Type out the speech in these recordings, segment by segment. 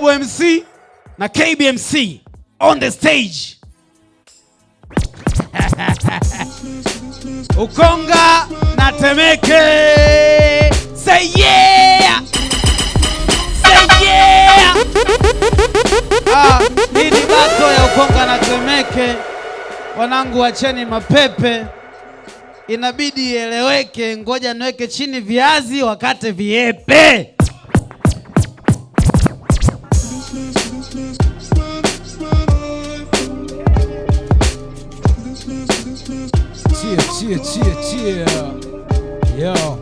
Global MC na KBMC on the stage. Ukonga na Temeke. Say yeah. Say yeah. Ah, hii ni bato ya Ukonga na Temeke. Wanangu, wacheni mapepe. Inabidi ieleweke, ngoja niweke chini viazi wakate viepe. chia chia chia yo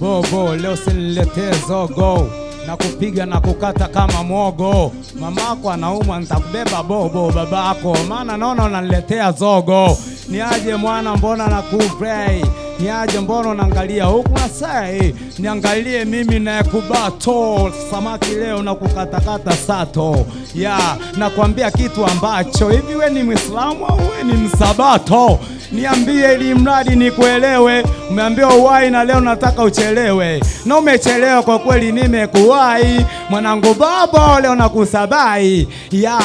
bobo, leo siniletee zogo na kupiga na kukata kama mwogo. Mamako anaumwa, nitakubeba bobo babako, maana naona unaniletea zogo. Ni aje mwana, mbona na kufurahi niaje? Mbona naangalia huku nasai eh? Niangalie mimi nayekubato samaki leo na kukatakata sato ya Nakwambia kitu ambacho hivi, we ni Mwislamu au we ni Msabato? Niambie ili mradi nikuelewe. Umeambiwa uwai na leo nataka uchelewe, na umechelewa kwa kweli, nimekuwai mwanangu, babo, leo nakusabai ya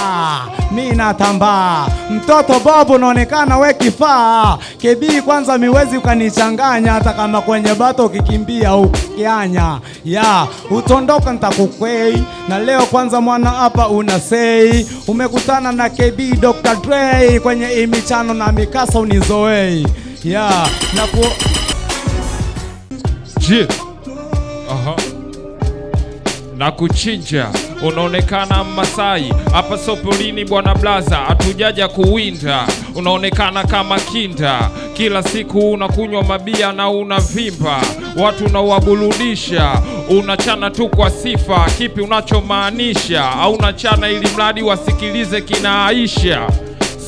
Mi natambaa mtoto babo, unaonekana we kifaa kibii, kwanza miwezi ukanicha kuchanganya hata kama kwenye bato ukikimbia ukianya ya utondoka ntakukwei na leo kwanza mwana hapa una sei umekutana na KB Dr. Dre kwenye imichano na mikasa unizoei ya na ku... Je. Aha. na kuchinja unaonekana Mmasai hapa Sopolini bwana blaza, hatujaja kuwinda, unaonekana kama kinda, kila siku unakunywa mabia na unavimba, watu unawaburudisha, unachana tu kwa sifa. Kipi unachomaanisha? Au unachana ili mradi wasikilize Aisha?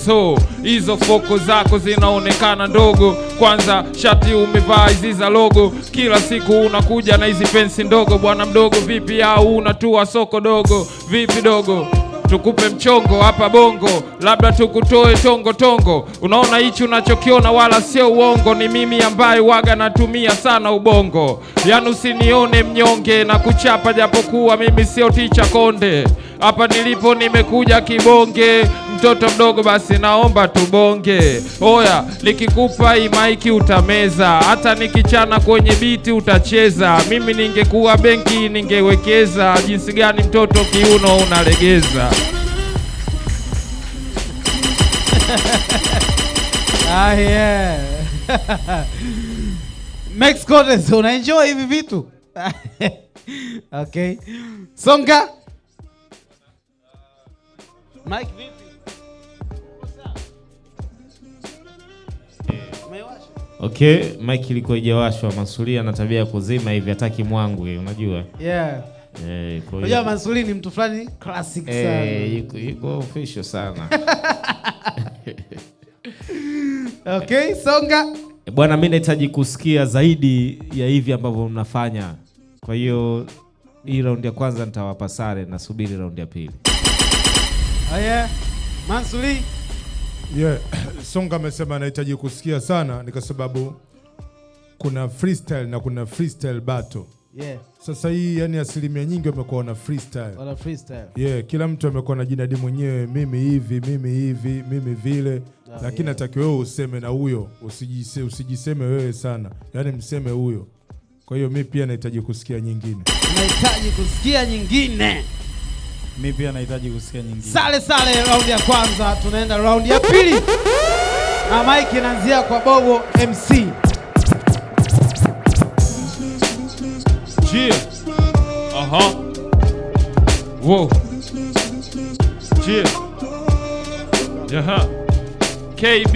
so hizo foko zako zinaonekana ndogo. Kwanza shati umevaa hizi za logo, kila siku unakuja na hizi pensi ndogo. Bwana mdogo vipi, au unatua soko dogo? Vipi dogo tukupe mchongo hapa bongo, labda tukutoe tongo tongo. Unaona hichi unachokiona, wala sio uongo, ni mimi ambaye waga natumia sana ubongo. Yani usinione mnyonge na kuchapa, japokuwa mimi sio ticha konde hapa nilipo nimekuja kibonge, mtoto mdogo basi naomba tubonge. Oya, nikikupa hii maiki utameza, hata nikichana kwenye biti utacheza. Mimi ningekuwa benki ningewekeza, jinsi gani mtoto kiuno unalegeza. ah, yeah. unaenjoy hivi vitu okay, songa Mike vipi? Okay, Mike ilikuwa ijawashwa. Masuli ana tabia ya kuzima hivi, hataki mwangu, unajua yeah. Eh, Mansuri ni mtu fulani classic eh, sana. Yuko yuko official sana Okay, songa bwana, mimi nahitaji kusikia zaidi ya hivi ambavyo mnafanya. Kwa hiyo hii raundi ya kwanza nitawapa sare, nasubiri raundi ya pili. Aya, Mansuri. Yeah. Songa amesema anahitaji kusikia sana ni kwa sababu kuna freestyle na kuna freestyle battle. Yeah. Sasa hii yani asilimia nyingi wamekuwa na freestyle. Wana freestyle. Yeah, kila mtu amekuwa na jina di mwenyewe mimi hivi, mimi hivi, mimi vile. Ah, lakini yeah. wewe useme na huyo, usijise, usijiseme wewe sana. Yaani mseme huyo. Kwa hiyo mi pia nahitaji kusikia nyingine. Nahitaji kusikia nyingine mi pia nahitaji kusikia nyingine. Sale sale, raundi ya kwanza, tunaenda raundi ya pili na mike inaanzia kwa Bobo MC. Yeah. Aha. Wow. Yeah. Yaha. KB,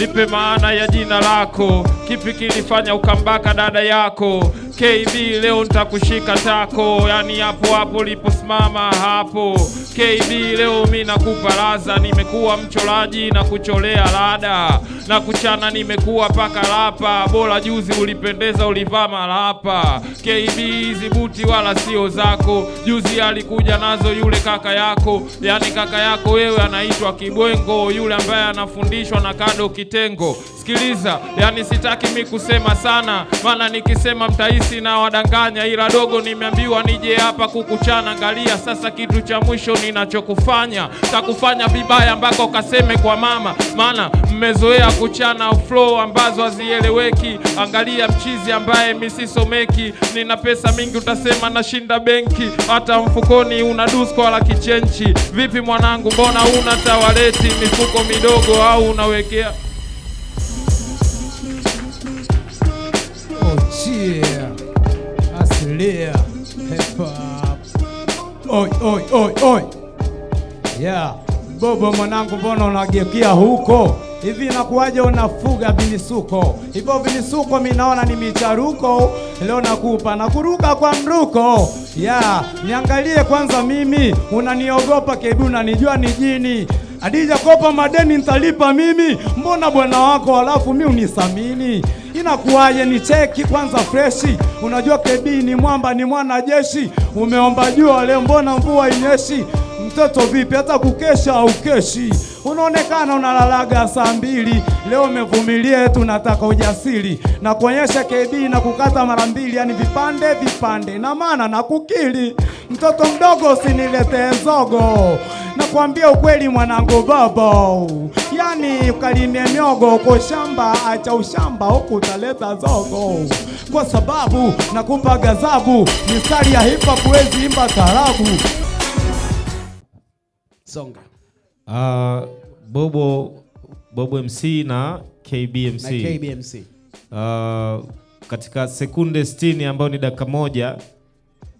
nipe maana ya jina lako, kipi kilifanya ukambaka dada yako? KB, leo nitakushika tako, yani hapo hapo uliposimama hapo. KB, leo mi nakupa raza, nimekuwa mcholaji na kucholea rada na kuchana, nimekuwa paka lapa, bora juzi ulipendeza, ulivaa malapa. KB, hizi buti wala sio zako, juzi alikuja nazo yule kaka yako, yani kaka yako wewe anaitwa Kibwengo, yule ambaye anafundishwa na kado kitengo sikiliza, yani sitaki mi kusema sana, maana nikisema mtahisi na wadanganya, ila dogo, nimeambiwa nije hapa kukuchana. Angalia sasa, kitu cha mwisho ninachokufanya takufanya vibaya mpaka ukaseme kwa mama, maana mmezoea kuchana flow ambazo hazieleweki. Angalia mchizi ambaye misisomeki, nina pesa mingi utasema nashinda benki, hata mfukoni una dusko la kichenchi. Vipi mwanangu, mbona una tawaleti mifuko midogo au unawekea Cheer. Asilia. Hip hop. Oi, oi, oi, oi. Yeah. Bobo mwanangu, mbona unagekia huko? Hivi inakuwaje unafuga vinisuko? Hivyo vinisuko mi naona ni micharuko. Leo nakupa na kuruka kwa mruko. Yeah, niangalie kwanza mimi, unaniogopa kebu, unanijua ni jini. Adija, kopa madeni nitalipa mimi, mbona bwana wako halafu mi unisamini Inakuwaje? Ni cheki kwanza freshi. Unajua KB ni mwamba, ni mwana jeshi Umeomba jua leo, mbona mvua inyeshi? Mtoto vipi, hata kukesha au keshi? Unaonekana unalalaga saa mbili. Leo umevumilia, tunataka ujasiri na kuonyesha KB na kukata mara mbili, yani vipande vipande, na maana na kukili. Mtoto mdogo usiniletee zogo nakwambia ukweli mwanangu, baba, yani ukalime miogo kwa shamba, acha ushamba huku utaleta zogo, kwa sababu nakupa gazabu. Mistari ya hipa kuwezi imba tarabu. Songa. Uh, Bobo Bobo MC na KBMC, na KBMC. Uh, ah, katika sekunde 60 ambayo ni dakika moja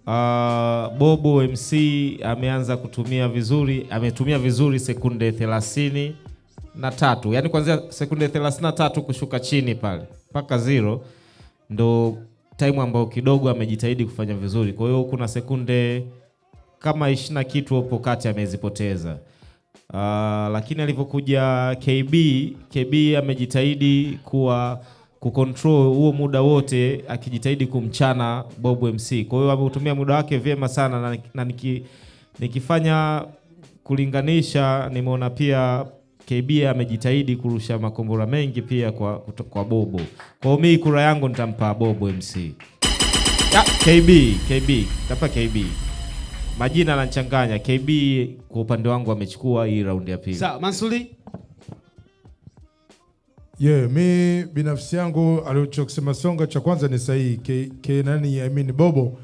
Uh, Bobo MC ameanza kutumia vizuri, ametumia vizuri sekunde thelathini na tatu, yaani kuanzia sekunde thelathini na tatu kushuka chini pale mpaka zero ndo time ambayo kidogo amejitahidi kufanya vizuri. Kwa hiyo kuna sekunde kama ishirini na kitu hapo kati amezipoteza. Uh, lakini alivyokuja KB, KB amejitahidi kuwa kucontrol huo muda wote, akijitahidi kumchana Bob MC. Kwa hiyo ameutumia muda wake vyema sana na, na niki, nikifanya kulinganisha nimeona pia KB amejitahidi kurusha makombora mengi pia kwa, kwa Bobo. Kwa hiyo mimi kura yangu nitampa Bobo MC. Ya, KB, KB, tapa KB. Majina anachanganya. KB kwa upande wangu amechukua hii raundi ya pili. Sawa, Mansuri? Yeah, mi binafsi yangu alichokisema Songa cha kwanza ni sahihi. Ke, ke nani I mean Bobo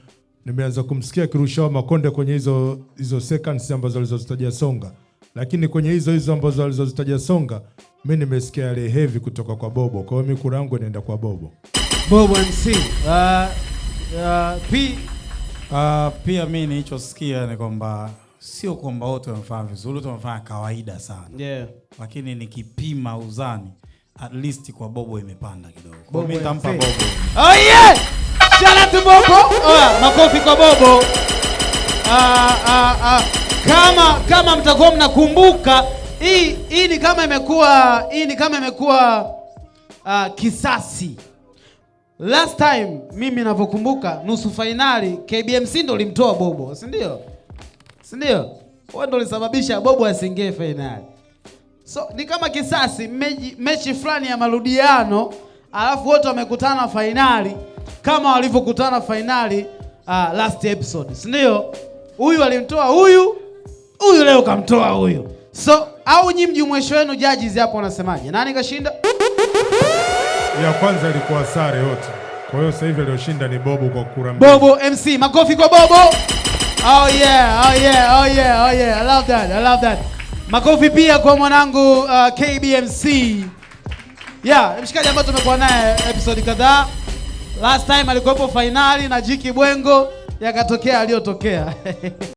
nimeanza kumsikia akirushawa makonde kwenye hizo hizo seconds ambazo alizozitaja Songa, lakini kwenye hizo hizo ambazo alizozitaja Songa mi nimesikia yale heavy kutoka kwa Bobo. Kwa hiyo mi kura yangu inaenda kwa Bobo. Bobo MC. Uh, ah, uh, ah, p uh, ah, pia mi nilichosikia ni kwamba sio kwamba wote wamefanya vizuri, wote wamefanya kawaida sana yeah. Lakini nikipima uzani at least kwa Bobo imepanda kidogo. Kwa mimi nitampa Bobo. Oh yeah! Shout out to Bobo. Oh, makofi kwa Bobo. Ah, ah, ah. Kama kama mtakuwa mnakumbuka hii hii ni kama imekuwa hii ni kama imekuwa uh, kisasi. Last time mimi ninavyokumbuka nusu finali KBMC ndo limtoa Bobo, si ndio? Si ndio? Wao ndo lisababisha Bobo asingee finali. So ni kama kisasi, mechi, mechi fulani ya marudiano, alafu wote wamekutana fainali kama walivyokutana fainali uh, ah, last episode, si ndio? Huyu alimtoa huyu, huyu leo kamtoa huyu. So au nyi mjumwesho wenu judges hapo wanasemaje? Nani kashinda? Ya kwanza ilikuwa sare yote. Kwa hiyo sasa hivi aliyoshinda ni Bobo kwa kura mbili. Bobo MC, makofi kwa Bobo. Oh yeah, oh yeah, oh yeah, oh yeah. I love that. I love that. Makofi pia kwa mwanangu uh, KBMC. Yeah, mshikaji ambaye tumekuwa naye episode kadhaa. Last time alikuwepo finali na Jiki Bwengo yakatokea aliyotokea.